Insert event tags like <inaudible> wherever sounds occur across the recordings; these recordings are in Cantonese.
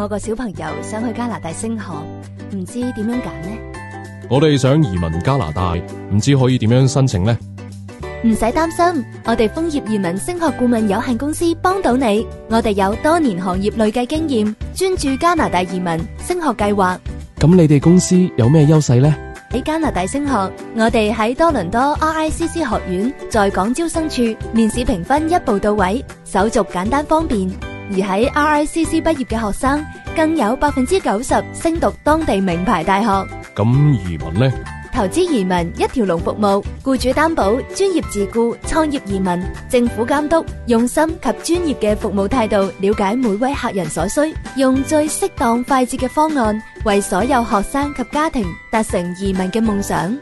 我個小朋友想去加拿大升學，唔知點樣揀呢？我哋想移民加拿大，唔知可以點樣申請呢？唔使擔心，我哋楓葉移民升學顧問有限公司幫到你。我哋有多年行業累計經驗，專注加拿大移民升學計劃。咁你哋公司有咩優勢呢？喺加拿大升學，我哋喺多倫多 RICC 學院在港招生處，面試評分一步到位，手續簡單方便。而喺 RICC 畢業嘅學生，更有百分之九十升讀當地名牌大學。咁移民呢？投資移民一條龍服務，僱主擔保、專業自僱、創業移民、政府監督，用心及專業嘅服務態度，了解每位客人所需，用最適當、快捷嘅方案，為所有學生及家庭達成移民嘅夢想。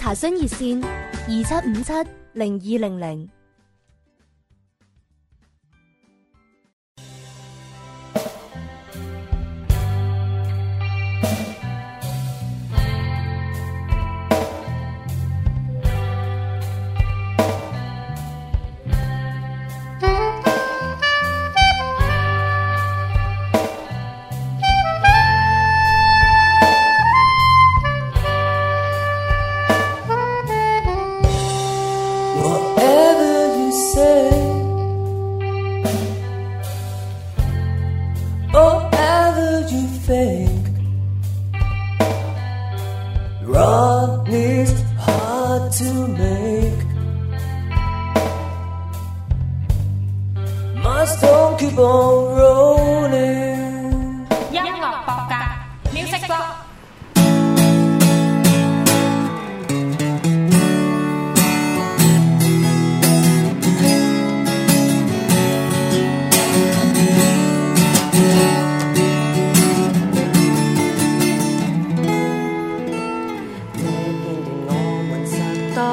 查詢熱線：二七五七零二零零。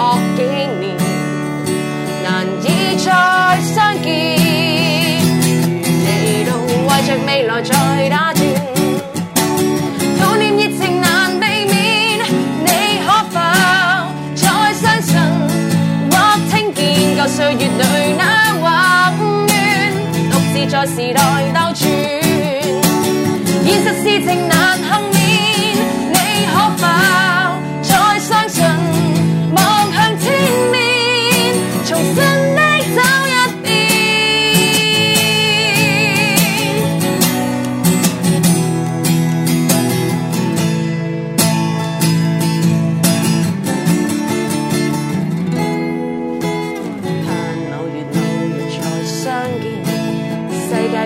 隔幾年，難以再相見。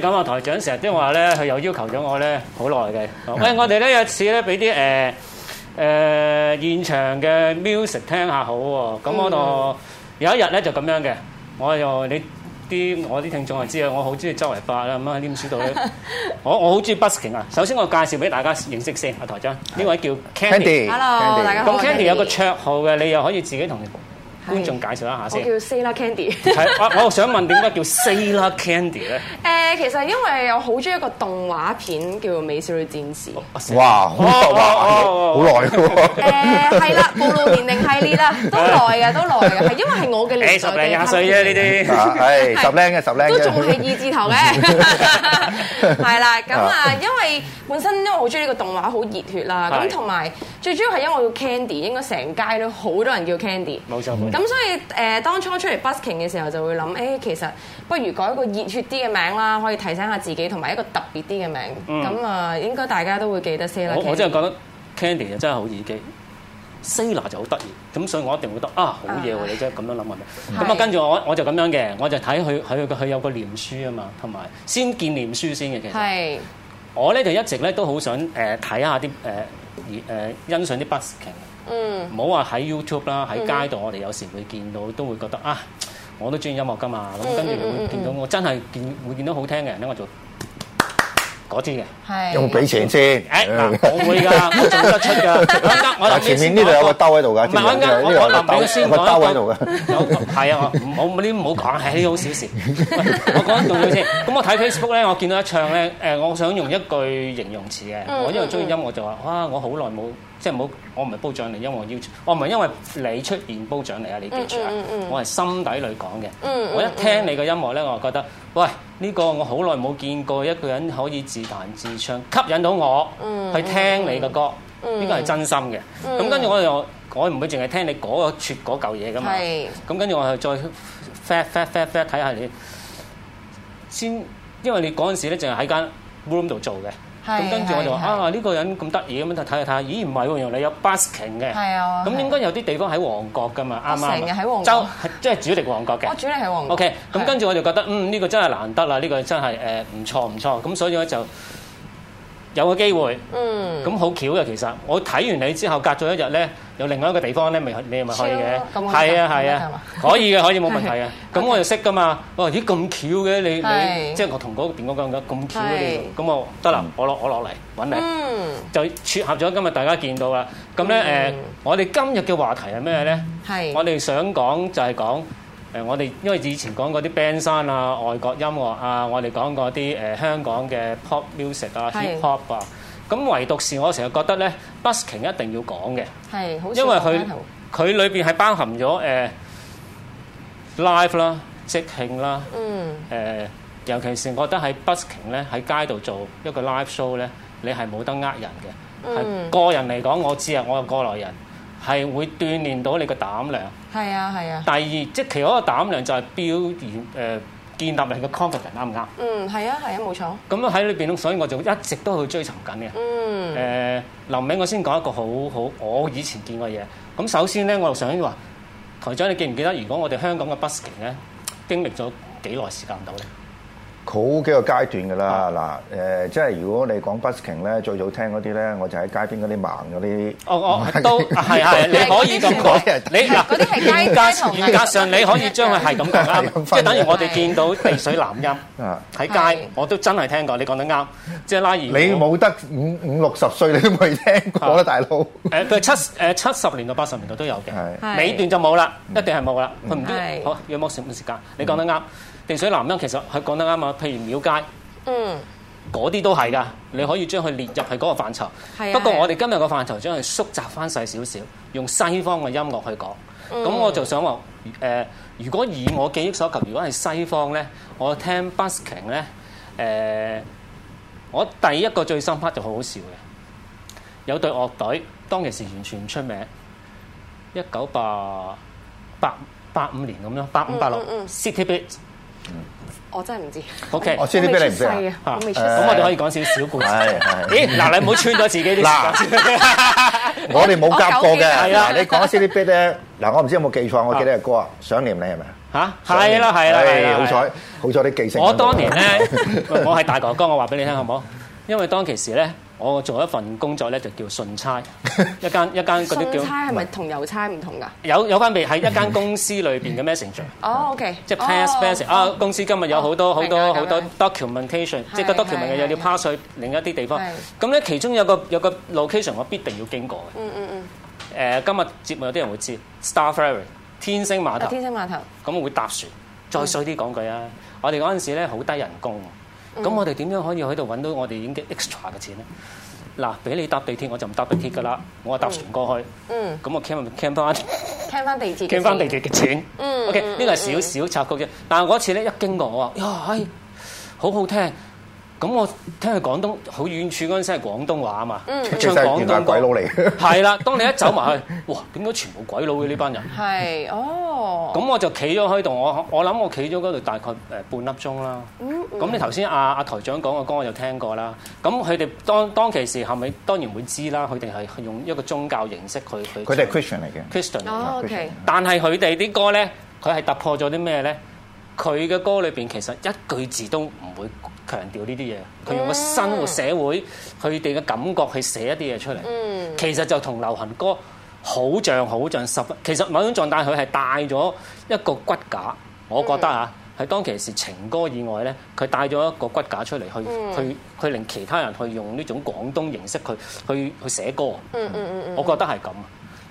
咁啊，台長成日都話咧，佢又要求咗我咧，好耐嘅。誒，我哋咧有次咧，俾啲誒誒現場嘅 music 聽下好喎。咁、嗯嗯、我度有一日咧就咁樣嘅，我又你啲我啲聽眾係知啊，我好中意周圍發啊咁啊，啲書度咧，我我好中意 busking 啊。首先我介紹俾大家認識先啊，台長，呢位叫 Candy。Hello，大家好。咁 Candy 有個綽號嘅，你又可以自己同，觀眾介紹一下先。我叫 Sailor Candy。我我想問點解叫 Sailor Candy 咧？誒，其實因為我好中意一個動畫片叫《美少女戰士》。哇！好耐，好耐。誒，係啦，暴露年齡系列啦，都耐嘅，都耐嘅。係因為係我嘅年齡。幾十零廿歲啫，呢啲係十零嘅十零。都仲係二字頭嘅。係啦，咁啊，因為本身因為好中意呢個動畫好熱血啦，咁同埋最主要係因為我叫 Candy，應該成街都好多人叫 Candy。冇錯，冇錯。咁所以誒、呃、當初出嚟 Busking 嘅時候就會諗誒、欸、其實不如改一個熱血啲嘅名啦，可以提醒下自己同埋一個特別啲嘅名。咁、嗯、啊應該大家都會記得先啦。我真係覺得 Candy 就真係好易記，Sailor、嗯、就好得意。咁所以我一定會得啊，好嘢喎、啊！啊、你真係咁樣諗啊？咁啊跟住我我就咁樣嘅，我就睇佢佢佢有個臉書啊嘛，同埋先見臉書先嘅。其實是是我呢就一直咧都好想誒睇下啲誒誒欣賞啲 Busking 嗯，唔好話喺 YouTube 啦，喺街度我哋有時會見到，都會覺得啊，我都中意音樂噶嘛，咁跟住會見到我真係見會見到好聽嘅人咧，我就嗰啲嘅，用俾錢先。我會噶，我做得出噶，我得，我有咩先講。前面呢度有個兜喺度㗎。前面呢度有個兜喺度㗎。唔係，啱啱我臨尾先講一句。係啊，我冇唔好冇講，呢啲好小事。我講咗做先。咁我睇 Facebook 咧，我見到一唱咧，誒，我想用一句形容詞嘅，我因為中意音樂就話，啊，我好耐冇。即係唔好，我唔係褒獎你，因為我要，我唔係因為你出現褒獎你啊，你記住啊！我係心底裡講嘅。我一聽你嘅音樂咧，我就覺得，喂，呢個我好耐冇見過一個人可以自彈自唱，吸引到我去聽你嘅歌，呢個係真心嘅。咁跟住我又，我唔會淨係聽你嗰一撮嗰嚿嘢噶嘛。咁跟住我就再 fade fade fade fade 睇下你先，因為你嗰陣時咧，淨係喺間 room 度做嘅。咁跟住我就話啊，呢個人咁得意，咁就睇下睇下，咦，唔係喎，原來你有 busking 嘅，咁、啊、應該有啲地方喺旺角㗎嘛，啱唔啱啊？就係即係主力旺角嘅，我主力喺旺角。OK，咁跟住我就覺得是、啊、嗯呢、這個真係難得啦，呢、這個真係誒唔錯唔錯，咁、呃、所以咧就。有個機會，咁好巧嘅其實，我睇完你之後隔咗一日咧，有另外一個地方咧未，你係咪去嘅？超咁好係啊係啊，可以嘅可以冇問題嘅。咁 <laughs> 我就識噶嘛？哦，咦咁巧嘅你是你，即係我同嗰個點講咁咁巧嘅你，咁是我得啦，我落我落嚟揾你，就撮合咗今日大家見到啦。咁咧誒，我哋今日嘅話題係咩咧？是我哋想講就係講。誒、呃、我哋因為以前講啲 band 山啊、外國音樂啊，我哋講啲誒香港嘅 pop music 啊、hip hop 啊，咁是唯獨是我成日覺得咧，busking 一定要講嘅，係因為佢佢裏邊係包含咗誒、呃、live 啦、即興啦，嗯誒、呃、尤其是我覺得喺 busking 咧喺街度做一個 live show 咧，你係冇得呃人嘅，係、嗯、個人嚟講我知啊，我係過來人。係會鍛鍊到你個膽量。係啊，係啊。第二，即係其實個膽量就係表現，誒、呃、建立你個 confident，啱唔啱？嗯，係啊，係啊，冇錯。咁喺裏邊所以我就一直都去追尋緊嘅。嗯。誒、呃，林明，我先講一個好好，我以前見過嘅嘢。咁首先咧，我就想話，台長，你記唔記得，如果我哋香港嘅 busking 咧，經歷咗幾耐時間到咧？好幾個階段㗎啦，嗱誒，即係如果你講 busking 咧，最早聽嗰啲咧，我就喺街邊嗰啲盲嗰啲哦哦，都係係你可以咁講，你嗱，嚴格上你可以將佢係咁講啦，即係等於我哋見到地水南音喺街，我都真係聽過，你講得啱，即係拉二。你冇得五五六十歲，你都未聽過得大佬。誒，佢七誒七十年到八十年代都有嘅，尾段就冇啦，一定係冇啦，佢唔好養牧師冇時間，你講得啱。地水南音其實係講得啱啊，譬如廟街，嗯，嗰啲都係噶，你可以將佢列入去嗰個範疇。啊、不過我哋今日個範疇將佢縮窄翻細少少，用西方嘅音樂去講。咁、嗯、我就想話誒、呃，如果以我記憶所及，如果係西方咧，我聽 Busking 咧，誒、呃，我第一個最深刻就好好笑嘅，有隊樂隊當其時完全唔出名，一九八八八五年咁啦，八五八六，Secret。City bit, 我真係唔知。OK，我 send 啲俾你啊？咁我哋可以講少少故事。咦，嗱你唔好穿咗自己啲。我哋冇夾過嘅。嗱你講少啲 bit 咧。嗱我唔知有冇記錯，我記得有首歌啊，想念你係咪啊？係啦係啦，好彩好彩你記性。我當年咧，我係大哥哥，我話俾你聽好唔好？因為當其時咧。我做一份工作咧就叫信差，一間一間嗰啲叫。信差係咪同郵差唔同噶？有有分別喺一間公司裏邊嘅 message。哦，OK。即係 transferring 啊，公司今日有好多好多好多 documentation，即係個 document 又要 pass 去另一啲地方。咁咧其中有個有個 location 我必定要經過嘅。嗯嗯嗯。誒，今日節目有啲人會知，Star Ferry 天星碼頭。天星碼頭。咁我會搭船，再衰啲講句啊，我哋嗰陣時咧好低人工。咁、嗯、我哋點樣可以喺度揾到我哋已經嘅 extra 嘅錢咧？嗱，俾你搭地鐵我就唔搭地鐵噶啦，我啊搭船過去，咁、嗯、我慳慳返，慳返地鐵，慳返地鐵嘅錢。看看錢嗯。O.K. 呢個係少少插曲啫。但係嗰次咧一經過，我話呀係好好聽。咁我聽佢廣東好遠處嗰陣時係廣東話啊嘛，嗯嗯、唱廣東鬼佬嘅，係啦。當你一走埋去， <laughs> 哇！點解全部鬼佬嘅呢班人？係哦。咁我就企咗喺度，我我諗我企咗嗰度大概誒半粒鐘啦。咁、嗯嗯、你頭先阿阿台長講嘅歌我就聽過啦。咁佢哋當當其時係咪當然會知啦？佢哋係用一個宗教形式去去。佢哋 Christian 嚟嘅。Christian 嚟嘅。OK。但係佢哋啲歌咧，佢係突破咗啲咩咧？佢嘅歌裏邊其實一句字都唔會。強調呢啲嘢，佢用個生活社會，佢哋嘅感覺去寫一啲嘢出嚟，嗯、其實就同流行歌好像好像十分。其實某種狀態，佢係帶咗一個骨架。我覺得啊，喺、嗯、當其時情歌以外咧，佢帶咗一個骨架出嚟，嗯、去去去令其他人去用呢種廣東形式去去去寫歌。嗯嗯嗯我覺得係咁。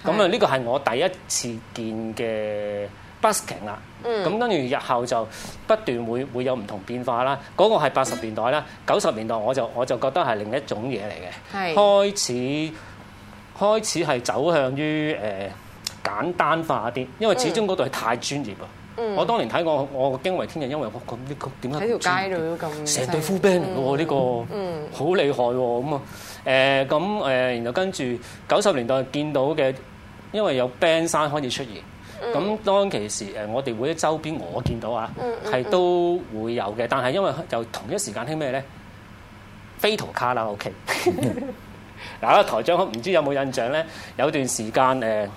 咁啊、嗯，呢、嗯嗯、個係我第一次見嘅。Busking 啦，咁跟住日後就不斷會會有唔同變化啦。嗰、那個係八十年代啦，九十年代我就我就覺得係另一種嘢嚟嘅，開始開始係走向於誒、呃、簡單化啲，因為始終嗰度係太專業啊。嗯、我當年睇過，我驚為天人，因為我咁啲曲點解？喺條街度都咁成隊 full band 嚟喎，呢個嗯好厲害喎，咁啊誒咁誒，然後跟住九十年代見到嘅，因為有 band 山開始出現。咁、嗯、當其時誒，我哋會喺周邊，我見到啊，係、嗯嗯、都會有嘅。但係因為就同一時間聽咩咧？飛圖卡拉 OK。嗱，台長唔知有冇印象咧？有段時間誒，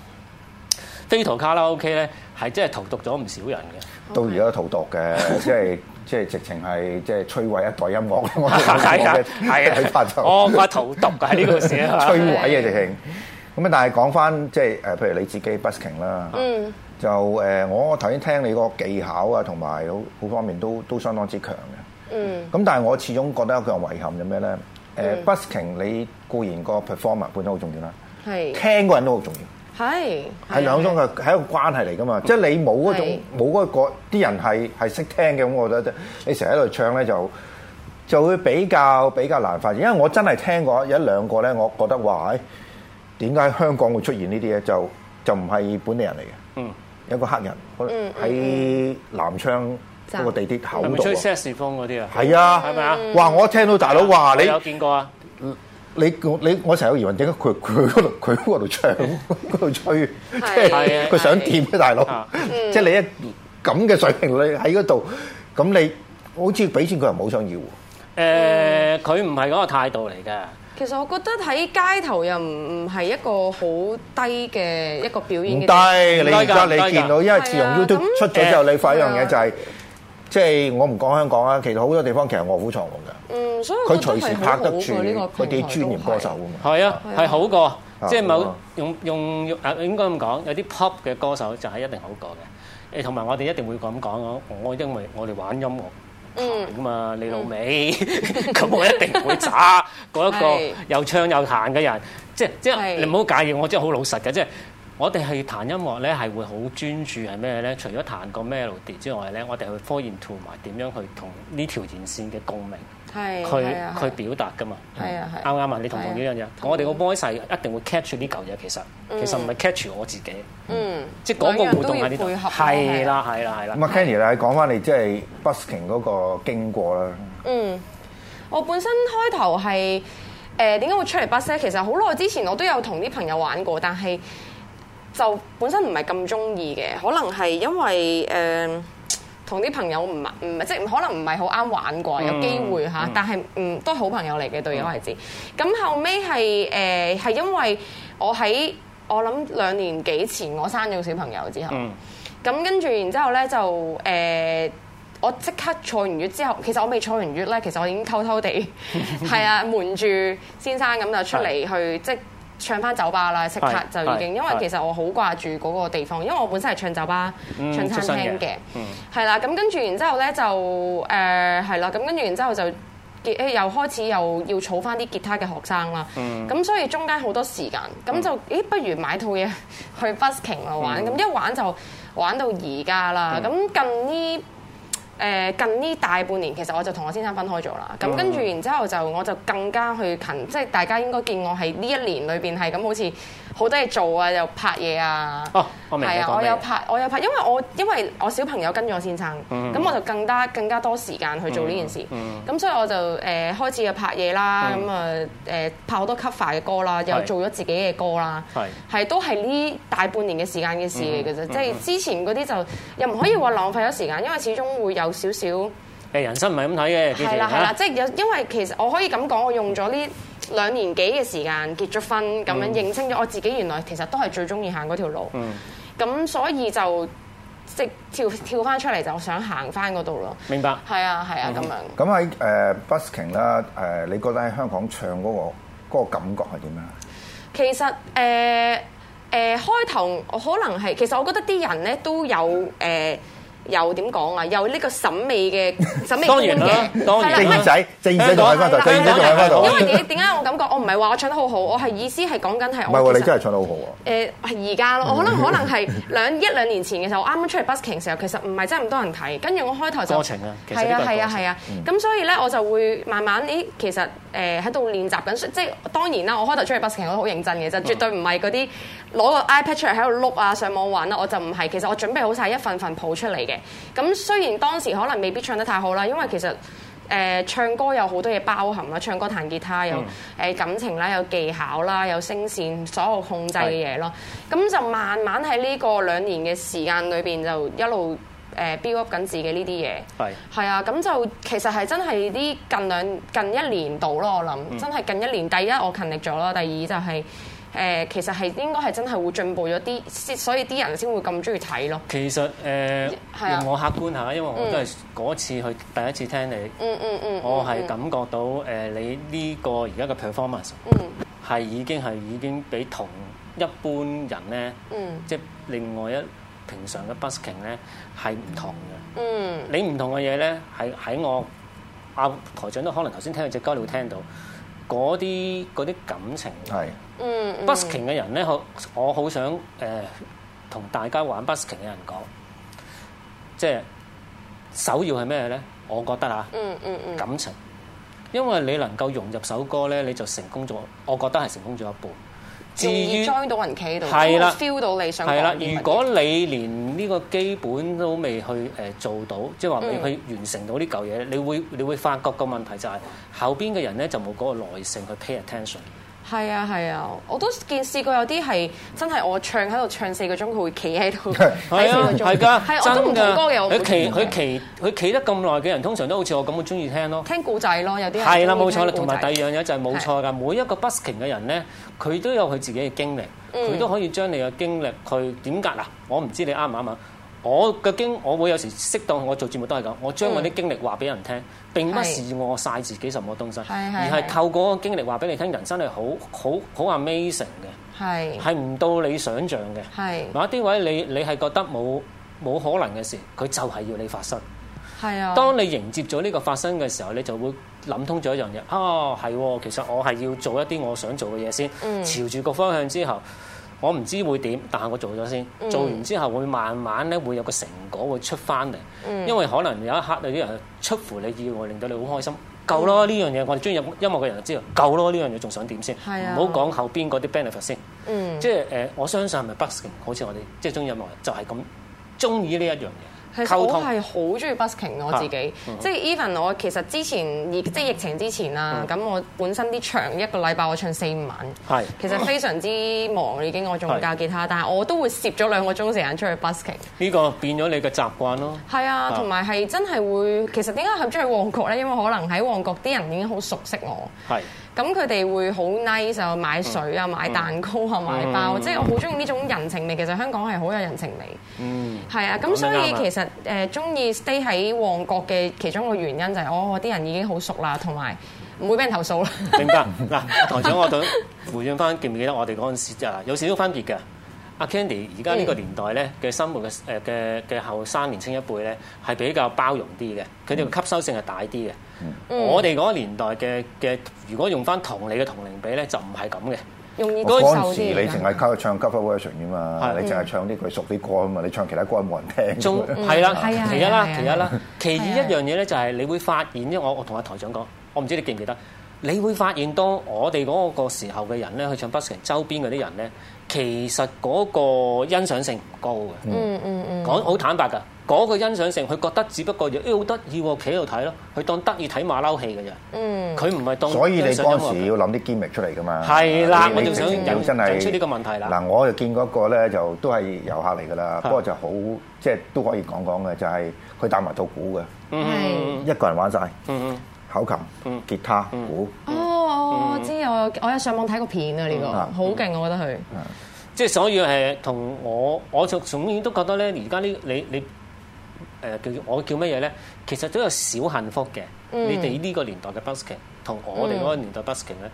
飛圖卡拉 OK 咧，係真係荼毒咗唔少人嘅。Okay. 到而家荼毒嘅，即係即係直情係即係摧毀一代音樂。係啊係啊，啊啊 <laughs> <laughs> 嗯、我係荼毒嘅，喺呢個時候，摧毀 <laughs> 啊直情。咁啊！但係講翻即係誒，譬如你自己 busking 啦、嗯，就誒、呃，我頭先聽你個技巧啊，同埋好方面都都相當之強嘅。咁、嗯、但係我始終覺得有個遺憾就咩咧？誒、呃嗯、，busking 你固然個 performance、er、本身好重要啦，聽個人都好重要，係係是兩種嘅，係一個關係嚟㗎嘛。即係是你冇嗰種冇嗰是、那個啲人係係識聽嘅，咁我覺得你成日喺度唱咧就就會比較比較難發展。因為我真係聽過一,一兩個咧，我覺得哇！點解香港會出現呢啲咧？就就唔係本地人嚟嘅，一個黑人可能喺南昌嗰個地鐵口度，唔吹色士風嗰啲啊，係啊，係咪啊？哇！我聽到大佬話你有見過啊？你你我成日有疑問，點解佢佢嗰度佢嗰度唱度吹，即係佢想掂啊大佬！即係你一咁嘅水平你喺嗰度，咁你好似俾錢佢又冇想要誒？佢唔係嗰個態度嚟嘅。其實我覺得喺街頭又唔唔係一個好低嘅一個表演嘅。唔低，你而家你見到，因為自從 YouTube 出咗之後，你發一樣嘢就係，即係我唔講香港啦。其實好多地方其實臥虎藏龍㗎。嗯，所以佢隨時拍得住佢啲專業歌手㗎嘛。係啊，係好過即係某用用啊，應該咁講，有啲 pop 嘅歌手就係一定好過嘅。誒，同埋我哋一定會咁講咯。我因為我哋玩音樂。 <noise> 嗯，咁啊、 <laughs> 嗯，你老味咁我一定唔會渣嗰一個又唱又彈嘅人， <laughs> 的即係即係你唔好介意，我真係好老實嘅，即係。我哋係彈音樂咧，係會好專注係咩咧？除咗彈個 melody 之外咧，我哋去科 o 同埋點樣去同呢條延線嘅共鳴，去佢表達㗎嘛？啱唔啱啊？你同唔同意呢樣嘢？我哋個 boy 仔一定會 catch 住呢嚿嘢。其實其實唔係 catch 住我自己，即係嗰個互動係配合。係啦係啦係啦。咁啊，Candy 啦，講翻你即係 busking 嗰個經過啦。嗯，我本身開頭係誒點解會出嚟 bus，其實好耐之前我都有同啲朋友玩過，但係。就本身唔係咁中意嘅，可能係因為誒同啲朋友唔唔即係可能唔係好啱玩啩，有機會嚇。嗯嗯、但係嗯都係好朋友嚟嘅隊友係知。咁、嗯、後尾係誒係因為我喺我諗兩年幾前我生咗小朋友之後，咁跟住然之後咧就誒、呃、我即刻坐完月之後，其實我未坐完月咧，其實我已經偷偷地係啊， <laughs> 瞞住先生咁就出嚟是 去即。唱翻酒吧啦，即刻就已經，因為其實我好掛住嗰個地方，是因為我本身係唱酒吧、嗯、唱餐廳嘅，係啦，咁、嗯、跟住然之後咧就誒係啦，咁跟住然之後就、呃、後就又開始又要儲翻啲吉他嘅學生啦，咁、嗯、所以中間好多時間，咁就咦、嗯欸、不如買套嘢去 Busking 啊玩，咁、嗯、一玩就玩到而家啦，咁、嗯、近呢。誒近呢大半年，其實我就同我先生分開咗啦。咁跟住，然之後就我就更加去近，即係大家應該見我係呢一年裏邊係咁好似，好多嘢做啊，又拍嘢啊，哦，係啊是，我有拍，我有拍，因為我因為我小朋友跟咗先生，咁、mm hmm. 我就更加更加多時間去做呢件事，咁、mm hmm. 所以我就誒、呃、開始又拍嘢啦，咁啊誒拍好多 cover 嘅歌啦，又做咗自己嘅歌啦，係、mm hmm. 都係呢大半年嘅時間嘅事嚟嘅啫，mm hmm. 即係之前嗰啲就又唔可以話浪費咗時間，mm hmm. 因為始終會有少少。誒人生唔係咁睇嘅，係啦係啦，即係有，因為其實我可以咁講，我用咗呢兩年幾嘅時間結咗婚，咁樣認清咗我自己原來其實都係最中意行嗰條路，咁、嗯、所以就即跳跳翻出嚟就想行翻嗰度咯。明白。係啊係啊，咁樣、嗯。咁喺誒 busking 啦，誒你覺得喺香港唱嗰、嗰個嗰個感覺係點樣？其實誒誒、呃呃、開頭我可能係其實我覺得啲人咧都有誒。呃又點講啊？又呢個審美嘅審美觀嘅正仔，仔就正仔講因為點解我感覺我唔係話我唱得好好，啊、我係意思係講緊係。唔係喎，你真係唱得好好、啊、喎、呃。誒，係而家咯，我可能可能係兩一兩年前嘅時候，啱啱出嚟 busking 嘅時候，其實唔係真係咁多人睇，跟住我開頭就過程啊，係啊係啊係啊，咁、啊啊嗯、所以咧我就會慢慢誒、啊，其實。誒喺度練習緊，即係當然啦！我開頭出去 busking 我都好認真嘅，嗯、就絕對唔係嗰啲攞個 iPad 出嚟喺度碌啊、上網玩啦、啊，我就唔係。其實我準備好晒一份份譜出嚟嘅。咁雖然當時可能未必唱得太好啦，因為其實誒、呃、唱歌有好多嘢包含啦，唱歌彈吉他有誒、嗯呃、感情啦，有技巧啦，有聲線所有控制嘅嘢咯。咁、嗯、就慢慢喺呢個兩年嘅時間裏邊，就一路。誒 build up 緊自己呢啲嘢，係係啊，咁就、嗯、其實係真係啲近兩近一年度咯，我諗真係近一年。第一我勤力咗啦，第二就係、是、誒、呃，其實係應該係真係會進步咗啲，所以啲人先會咁中意睇咯。其實誒，呃、係我客觀下，因為我都係嗰次去第一次聽你，嗯嗯嗯，嗯嗯嗯，我係感覺到誒、呃、你呢個而家嘅 performance 係已經係已經比同一般人咧，嗯，即係另外一。平常嘅 busking 咧係唔同嘅，mm. 你唔同嘅嘢咧係喺我阿、啊、台長都可能頭先聽到隻歌，你會聽到啲啲感情。係嗯，busking 嘅人咧，我我好想誒、呃、同大家玩 busking 嘅人講，即係首要係咩咧？我覺得啊，嗯嗯嗯，hmm. 感情，因為你能夠融入首歌咧，你就成功咗。我覺得係成功咗一半。至於 join 到人企喺度，feel 到你想講嘅嘢。係啦，如果你連呢個基本都未去誒做到，即係話未去完成到呢嚿嘢，嗯、你會你會發覺個問題就係、是、後邊嘅人咧就冇嗰個耐性去 pay attention。係啊係啊，我都見試過有啲係真係我唱喺度唱四個鐘，佢會企喺度睇四個鐘。係啊係㗎，係我都唔唱歌嘅。佢企佢企佢企得咁耐嘅人，通常都好似我咁，會中意聽咯。聽故仔咯，有啲係啦，冇、啊、錯啦。同埋第二樣嘢就係冇錯㗎，啊、每一個 Busking 嘅人咧，佢都有佢自己嘅經歷，佢、嗯、都可以將你嘅經歷去，去點解啊？我唔知你啱唔啱啊？我嘅經，我會有時適當，我做節目都係咁，我將我啲經歷話俾人聽。嗯、並不是我晒自己什麼東西，而係透過個經歷話俾你聽，人生係好好好 amazing 嘅，係唔是到你想像嘅。是某一啲位你你係覺得冇冇可能嘅事，佢就係要你發生。係啊，當你迎接咗呢個發生嘅時候，你就會諗通咗一樣嘢。啊、哦，係、哦，其實我係要做一啲我想做嘅嘢先，嗯、朝住個方向之後。我唔知會點，但係我做咗先。做完之後會慢慢咧，會有個成果會出翻嚟。嗯、因為可能有一刻有啲人出乎你意外，令到你好開心。夠咯，呢樣嘢我哋中意音樂嘅人就知道。夠咯，呢樣嘢仲想點先？係啊，唔好講後邊嗰啲 benefit 先。即係誒、呃，我相信係咪 busking？好似我哋即係中意音樂人就係咁中意呢一樣嘢。其實我係好中意 busking 我自己，的即係 even 我其實之前即係疫情之前啦，咁、嗯、我本身啲場一個禮拜我唱四五晚，係的其實非常之忙已經。我仲教吉他，的但係我都會攝咗兩個鐘時間出去 busking。呢個變咗你嘅習慣咯。係啊，同埋係真係會，其實點解我中意旺角咧？因為可能喺旺角啲人已經好熟悉我。係。咁佢哋會好 nice 就買水啊、買蛋糕啊、買包，嗯、即係我好中意呢種人情味。其實香港係好有人情味，係、嗯、啊。咁所以、嗯、其實誒中意 stay 喺旺角嘅其中一個原因就係、是、哦，啲人已經好熟啦，同埋唔會俾人投訴啦。明白？嗱，台長，我等回應翻，記唔記得我哋嗰陣時有少少分別嘅。阿 Candy 而家呢個年代咧嘅生活嘅誒嘅嘅後生年青一輩咧係比較包容啲嘅，佢哋吸收性係大啲嘅。嗯我哋嗰個年代嘅嘅，如果用翻同你嘅同齡比咧，就唔係咁嘅。我嗰時你淨係靠唱《Cover Version》嘛，你淨係唱啲佢熟啲歌啊嘛，你唱其他歌冇人聽。仲係啦，係啊，其一啦，其一啦。其二一樣嘢咧，就係你會發現，因為我我同阿台長講，我唔知你記唔記得，你會發現當我哋嗰個時候嘅人咧去唱《Busking》，周邊嗰啲人咧，其實嗰個欣賞性唔高嘅。嗯嗯嗯，講好坦白㗎。嗰個欣賞性，佢覺得只不過要好得意喎，企喺度睇咯，佢當得意睇馬騮戲嘅啫。嗯，佢唔係當欣賞嘅。所以你當時要諗啲堅力出嚟噶嘛？係啦，我仲想引引出呢個問題啦。嗱，我就見嗰個咧就都係遊客嚟㗎啦，不過就好即係都可以講講嘅，就係佢帶埋套鼓嘅，係一個人玩晒，口琴、吉他、鼓。哦，我知，我我有上網睇過片啊，呢個好勁，我覺得佢。即係所以係同我，我就總然都覺得咧，而家呢，你你。誒叫我叫乜嘢咧？其實都有小幸福嘅。嗯、你哋呢個年代嘅 busking 同我哋嗰個年代 busking 咧，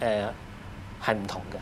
誒係唔同嘅。